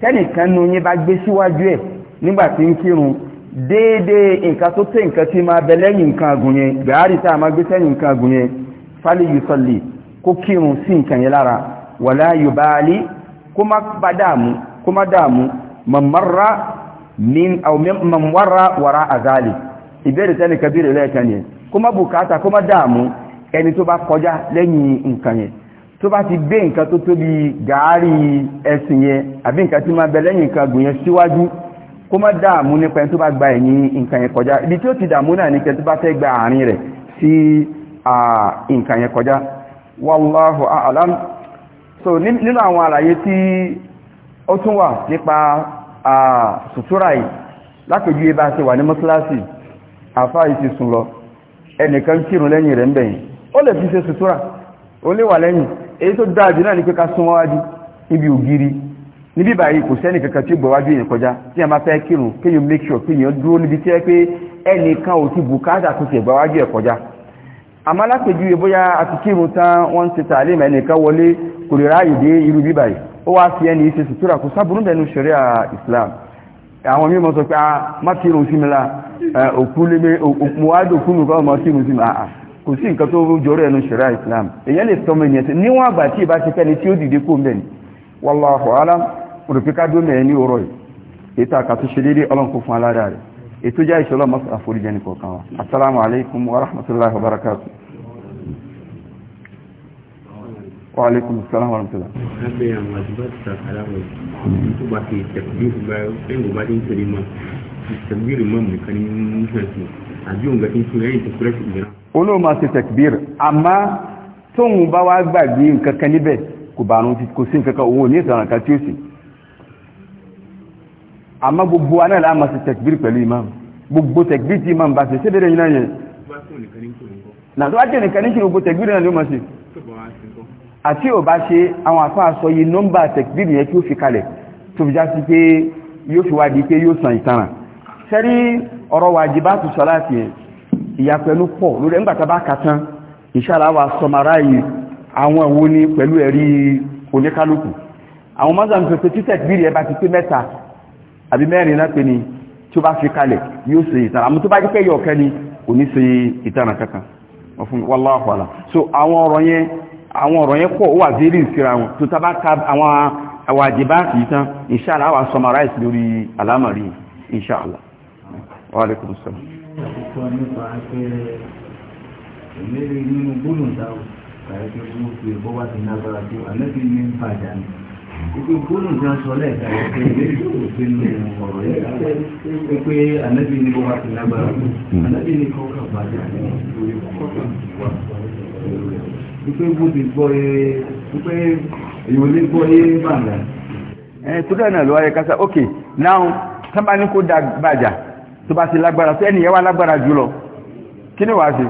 tẹ́nìkan nu yín bá gbé síwájú ẹ̀ nígbà tí ń kírun déédéé nǹkan tó tẹ́ nǹkan tí máa bẹ lẹ́yìn nǹkan àgùn yẹn gàárì tá a máa gbé sẹ́yìn nǹkan àgùn yẹn fálí yusalli kó kírun sí nǹkan yẹn lára wàlá yubali kó má bá dààmú kó má dààmú mamarra min aw mamarra wara azali ìbéèrè tẹ́nìkan bí rẹ̀ lẹ́ẹ̀kan yẹn kó má bùkátà kó má dààmú ẹni tó bá kọjá lẹ́yìn nǹkan yẹn tó bá ti gbé nǹkan tó tóbi gàárì ẹ̀sìn yẹn àbí nǹkan tí máa bẹ lẹ́yìn nǹkan gùn yẹn síwájú kó má dààmú nípa ẹni tó bá gba ẹ̀yìn nǹkan yẹn kọjá ibi tí ó ti dààmú náà nìkan tó bá fẹ́ gba àárín rẹ̀ sí nǹkan yẹn kọjá wallahu a'lam so nínú àwọn àlàyé tí ó tún wà nípa sùtúrà yìí lápèjú ibá ṣe wà ní mọ́sálásì àfáà yìí ti sùn lọ ẹnìkan kírun lẹ́yìn rẹ̀ ń bẹ̀yìn ó lè fi ṣe sùtúrà ó lè wà lẹ́yìn èyí tó dáadì náà ní pé ká súnmọ́ wájú níbi ògiri níbi báyìí kò sẹ́nì kankan tí ó gbọ̀wájú èèyàn kọjá tí a máa fẹ́ kírun kéèyàn make sure kéèyàn dúró níbi tí ẹ pé ẹnìkan ò ti bùkátà tó ti gbọ̀wájú ẹ̀ kọjá àmọ́ alápèjúwe bóyá a ti kírun tán wọ́n ti tà lè mẹ́nìkan wọlé kò lè ráàyè dé irú bí báyìí ó wá fi ẹni ṣe sùtúrà kò sábúrú bẹ̀nu ṣẹ̀ríà Islam àwọn mímọ̀ sọ pé a ah, má kírun sí mi la òkú lé mi òkú wájú òkú nìkan ọmọ kírun sí mi ah, ah kò sí nǹkan tó jọrọ ẹnu ṣẹ̀rá islam èyàn lè sọmọ ènìyàn tí níwọ̀n àgbà tí ìbá ṣe fẹ́ni tí ó dìde kó mẹ́ni wallahu alam òrùpíká dómẹ̀ ẹni ọ̀rọ̀ yìí ètò àkàtúnṣe dédé ọlọ́nkó fún alára rẹ̀ ètò já ìṣọ́lọ́ mọ́sàlá foríjẹ́ ní kọ̀ọ̀kan wa assalamu alaikum àbí òun gẹ̀kí fún lẹ́yìn tó kúrẹ́sì mìíràn. olóòmù àti tẹ̀kbír àmá tóun bá wá gbàgbé nǹkan kan níbẹ̀ kò bá àrùn kò sí nǹkan kan òun ní ìtàn kan tí ó sì àmá gbogbo wa náà láàmà sí tẹ̀kbír pẹ̀lú imam gbogbo tẹ̀kbír tí imam bá ṣe ṣé dédé yín náà yẹn. nà tó wá jẹ́ nìkan ní kí gbogbo tẹ̀kbír náà ló mọ̀ sí. àti ò bá ṣe àwọn àfa àsọ yìí nọ́mbà tẹ̀kbír sẹ́rí ọ̀rọ̀ wàjìbátù sọ́láti ẹ̀ ìyàpẹ̀lú pọ̀ lórí ẹgbàtà bá kàtán ìṣàláwà sọmaráyì àwọn ẹ̀wọ́ ní pẹ̀lú ẹ̀rí oníkálùkù àwọn mọ́sàn pẹ̀pẹ̀ títẹ̀k bí ẹba ti pé mẹ́ta àbí mẹ́rin náà pé ni tí ó bá fi kalẹ̀ yóò so àwọn ọ̀rọ̀ yẹn àwọn ọ̀rọ̀ yẹn pọ̀ ó wà zérí àwọn àwàjìbá yìí tán inshallah àwọn sọmaráyì lórí inshallah Wa alaikum salaam. Àkókò nípa pé ìlérí nínú gbólóhùn táwọn kàyọ́ pé wọ́n fi bọ́ bá ti ní agbára tó àlẹ́bí ní ń bàjá ni. Ibi gbólóhùn tí wọ́n sọ lẹ́ẹ̀ka yẹ pé ìlérí tó fi nu ọ̀rọ̀ yẹ pé àlẹ́bí ní bọ́ bá ti ní agbára tó àlẹ́bí ní kọ́kà bàjá ni lórí kọ́kà wà wípé bó ti gbọ́ ẹ wípé èyí ò bàjá. Ẹ tó dáná ló wáyé kásá, ok, now, sábà ní kó dá bàjá tó bá ti lágbára tó ẹniyẹ wá lágbára jùlọ kí ni wà sí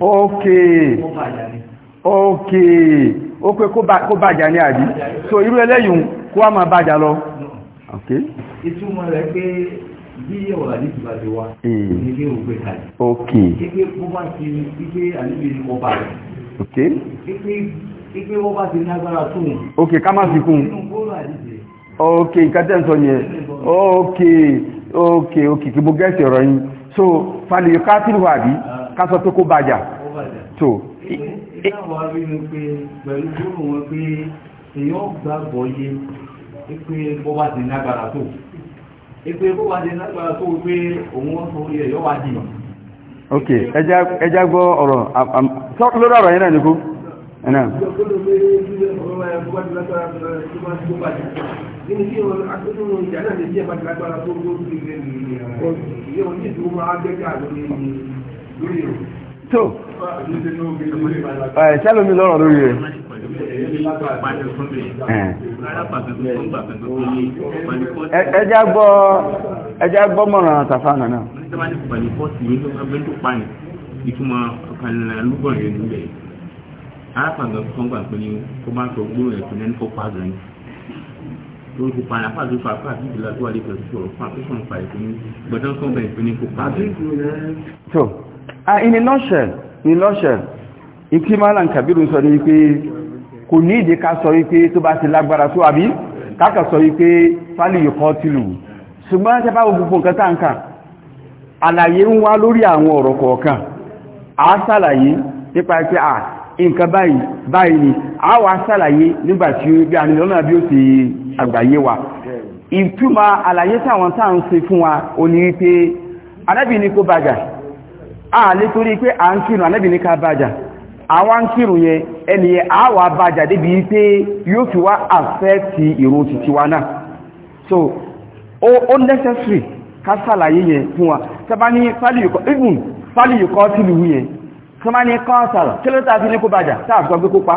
okay okay ó pé kó bàjá ní àbí so irú ẹlẹ́yìn kó wá máa bàjá lọ okay ìtumọ̀ rẹ̀ pé bí ọ̀rọ̀ àdìsí bá ti wá hmm. ní pé òun pé kàlẹ̀ okay pé kó bá ti wípé àdìsí ọba rẹ̀ okay pé Ipé wọ́n bá ti ní agbára tó wọn. Ok, ká máa fi kún. Ok, ìkàtẹ́ ń sọ yẹn. Ok, ok, ok, kí mo gẹ́ẹ̀sì ọ̀rọ̀ yín. So, falè ká tí wà bí, ká sọ pé kó bàjà. So, ìdáwọ̀ arínú pé pẹ̀lú gbóòrùn wọn pé èèyàn gbàgbọ́ yé pé bọ́ bá ti ní agbára tó. Ipé bọ́ bá ti ní agbára tó pé òun wọ́n sọ orí ẹ̀yọ́ wá dì. Ok, ẹjá gbọ́ ọ̀rọ̀ نعم tó ẹ sálọ mi lọ́rọ̀ lórí rẹ̀ ẹjá gbọ́ ẹjá gbọ́ mọ̀ràn àtàfàànà náà ìtumọ̀ ọ̀kan lúgbọ̀n yẹn nílẹ̀ yìí arákùnrin kan gbà pé ní kó máa ń sọ gbóòrò ẹ̀kọ́ ní ẹnìkó pa àgbà yìí lórí kó pa àyà pàdé fún àpá àti ìdílé àti wàlé pẹ̀lú sọ̀rọ̀ fún àpéṣọ̀ nípa ẹ̀kọ́ ní gbọ́dọ̀ kan bẹ̀rẹ̀ pé ní kó pa àgbà yìí. so uh, in a nutshell in a nutshell ikí malam kabiru sọ ní pé kò ní ìdí ká sọ wípé tó bá ti lágbára tó àbí káàkà sọ wípé fáliyù kan ti lù ṣùgbọ́n ṣe bá gbogbo nǹkan tá nǹkan àlàyé ń wá lórí àwọn ọ̀rọ̀ kọ̀ọ̀kan àá ṣàlàyé nípa pé à nǹkan báyìí báyìí ni a wà sàlàyé nígbàtí bí a nílò bí ó ti àgbáyé wa ìtumọ̀ àlàyé táwọn táà ń ṣe fún wa o kó bàjà a lè torí pé a ń kírun anábì ká bàjà àwọn ń kírun yẹn ẹni yẹn a bàjà débi yóò fi wá àfẹ́ẹ̀tì ìrun títí wa náà so ó necessary ká sàlàyé yẹn fún wa sábà ní tìlú yẹn kan máa ní kan sàrọ̀ kí ló tàbí ní kó bàjá sáàkọ́ pé kópa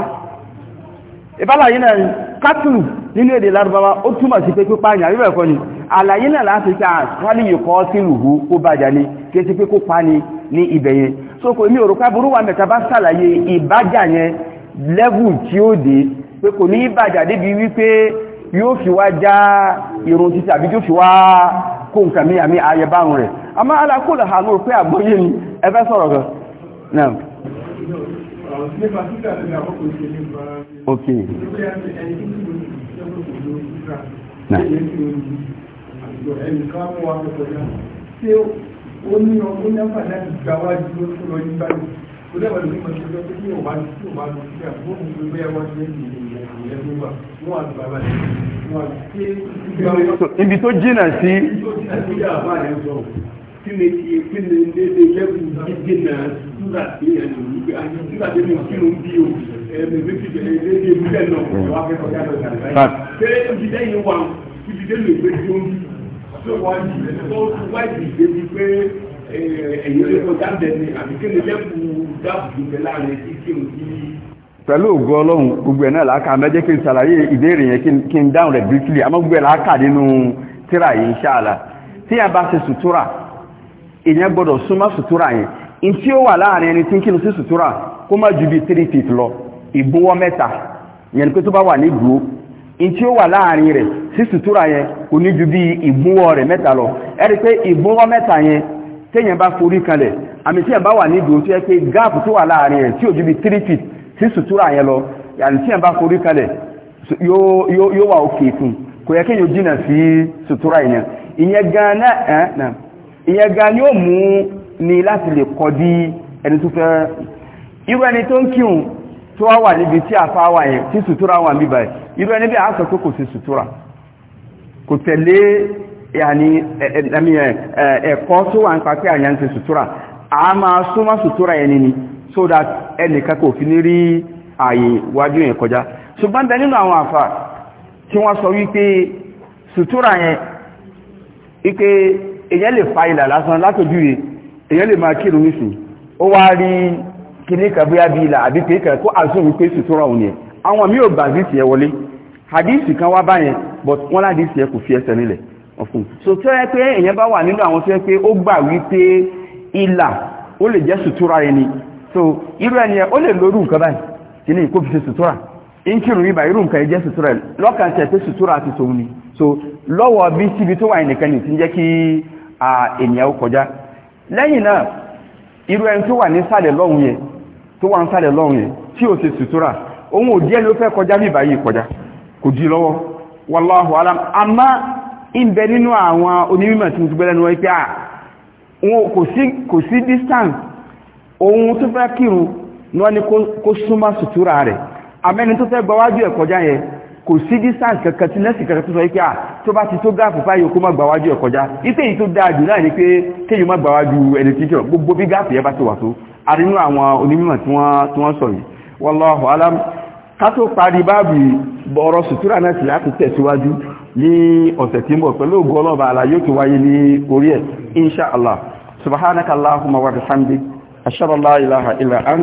ìbálàyé náà kátùlù nínú èdè lárúbáwá ó túmọ̀ sí pé pípa àyà rírẹ̀ kọ́ ni àlàyé náà láti ṣe àwálìyè kọ́ sí ìwòhú kó bàjá ni kí sí pé kópa ni ní ibẹ̀ yẹn so kò ní òrùka burú wà mẹ́ta bá sàlàyé ìbàjá yẹn lẹ́vù tí ó dé pé kò ní ìbàjá débi wípé yóò fi wá já irun títí àbí yóò fi wá kó nǹkan mí àmì ayẹbárun rẹ̀ àmọ́ alákòlò àánú pé àgbọ́yé ni ẹfẹ́ sọ̀rọ̀ gan náà ok ibi tó jìnà sí kí ni iye kí ni lédè lẹ́kùn gidi náà túra sí ẹni wípé àti túra sí ẹni kí ló bí o ẹni bí ti bẹ̀rẹ̀ lédè mílẹ̀ náà wà kẹ́kọ̀ọ́ yá lọ sàlẹ̀ báyìí. ṣé ibi lẹ́yìn wa ibi lẹ́yìn lè gbé tí ó ń bí tó wà ní tó wá ìdíje bíi pé ẹ̀yìn lè kọjá bẹ̀ ni àbí kí ni lẹ́kùn dáàbò bẹ̀ láàrin kí kí n kí pẹ̀lú ògo ọlọ́run gbogbo ẹ̀ náà láàkà mẹ́jẹ́ kí n ṣàlàyé ìbéèrè yẹn kí n dáhùn rẹ̀ briefly àmọ́ gbogbo ẹ̀ láàkà nínú tíra yìí insha Allah tí a bá ṣe sùtúrà ìyẹn gbọ́dọ̀ súnmọ́ sutura yẹn in tí ó wà láàrin ẹni tí ń kírun sí sutura kó má ju bí three feet lọ ìbúwọ́ mẹ́ta yẹn pé tó bá wà ní dúró in tí ó wà láàrin rẹ̀ sí sutura yẹn kò ní ju bí ìbúwọ́ rẹ̀ mẹ́ta lọ ẹ̀rí pé ìbúwọ́ mẹ́ta yẹn téèyàn bá forí kalẹ̀ àmì téèyàn bá wà ní dúró tó yẹ pé gáàpù tó wà láàrin rẹ̀ tí ò ju bí three feet sí sutura yẹn lọ yàrá téèyàn bá forí kalẹ̀ yóò wà òkè fún kò yẹ kéèyàn jìnnà sí sutura yẹn ìyẹn gan náà ẹ̀ náà ìyẹn gan ni ó mú ni láti lè kọ di ẹni tó fẹ́ irú ẹni tó ń kírun tó wà níbi tí àfa wà yẹn tí sùtúrà wà níbà irú ẹni bí a sọ pé kò sí sùtúrà kò tẹ̀lé ẹ̀kọ́ tó wà ń pa pé àyàn sutura sùtúrà a máa súnmọ́ sùtúrà ẹni ni so that ẹnìkan kò fi ní rí ààyè wájú yẹn kọjá ṣùgbọ́n bẹ nínú àwọn àfà sọ èyàn lè fa ìlà lásán látòjúwe èyàn lè máa kírun nísìn ó wá rí kìíní kan bóyá bí ìlà àbí pé kan kó àzùn wípé sùtúrà òun yẹn àwọn mi ò gbà sí tiẹ̀ wọlé hadith kan wá báyẹn but wọ́n láti tiẹ̀ kò fi ẹsẹ̀ nílẹ̀ ọ̀fun so tó yẹ pé èyàn bá wà nínú àwọn tó yẹ pé ó gbà wípé ìlà ó lè jẹ́ sùtúrà ẹni so irú ẹni yẹn ó lè lórí nǹkan báyìí kìíní kó fi ṣe sùtúrà ń kírun ibà irú nǹkan jẹ́ sùtúrà lọ́kàn tẹ̀ pé sùtúrà ti tòun ni so lọ́wọ́ bí síbi tó wà nìkan nì ti jẹ́ kí ènìyàn ó kọjá lẹ́yìn náà irú ẹni tó wà ní sàlẹ̀ lọ́hùn yẹn tó wà ń sàlẹ̀ lọ́hùn yẹn tí ó sì sùtúrà ohun ò ẹni ló fẹ́ kọjá bí báyìí kọjá kò dí lọ́wọ́ wallahu alam àmá ìbẹ nínú àwọn onímọ̀ tí mo ti gbẹ́lẹ́nu wípé à kò sí distance ohun tó fẹ́ kírun ní wọ́n ni kó súnmọ́ sùtúrà rẹ̀ àmẹ́ni tó fẹ́ gbọ́wájú ẹ̀ kọjá yẹn kò sí distance kankan tí lẹ́sìn kankan tó sọ wípé à tó bá ti tó gáàfù báyìí kó má gbàwájú ẹ̀ kọjá ipe yìí tó dáa jù náà ni pé kéyìí má gbàwájú ẹni títí ọ̀ gbogbo bí gáàfù yẹn bá ti wà tó arínú àwọn onímọ̀ tí wọ́n sọ yìí wallahu alam ká tó parí báàbì bọ̀rọ̀ sùtúrà náà sì láti tẹ̀síwájú ní ọ̀sẹ̀ tí ń bọ̀ pẹ̀lú ògùn ọlọ́ba àlàyé tó wáyé ní orí ẹ̀ insha allah subhanaka allahumma wa bihamdik an la ilaha illa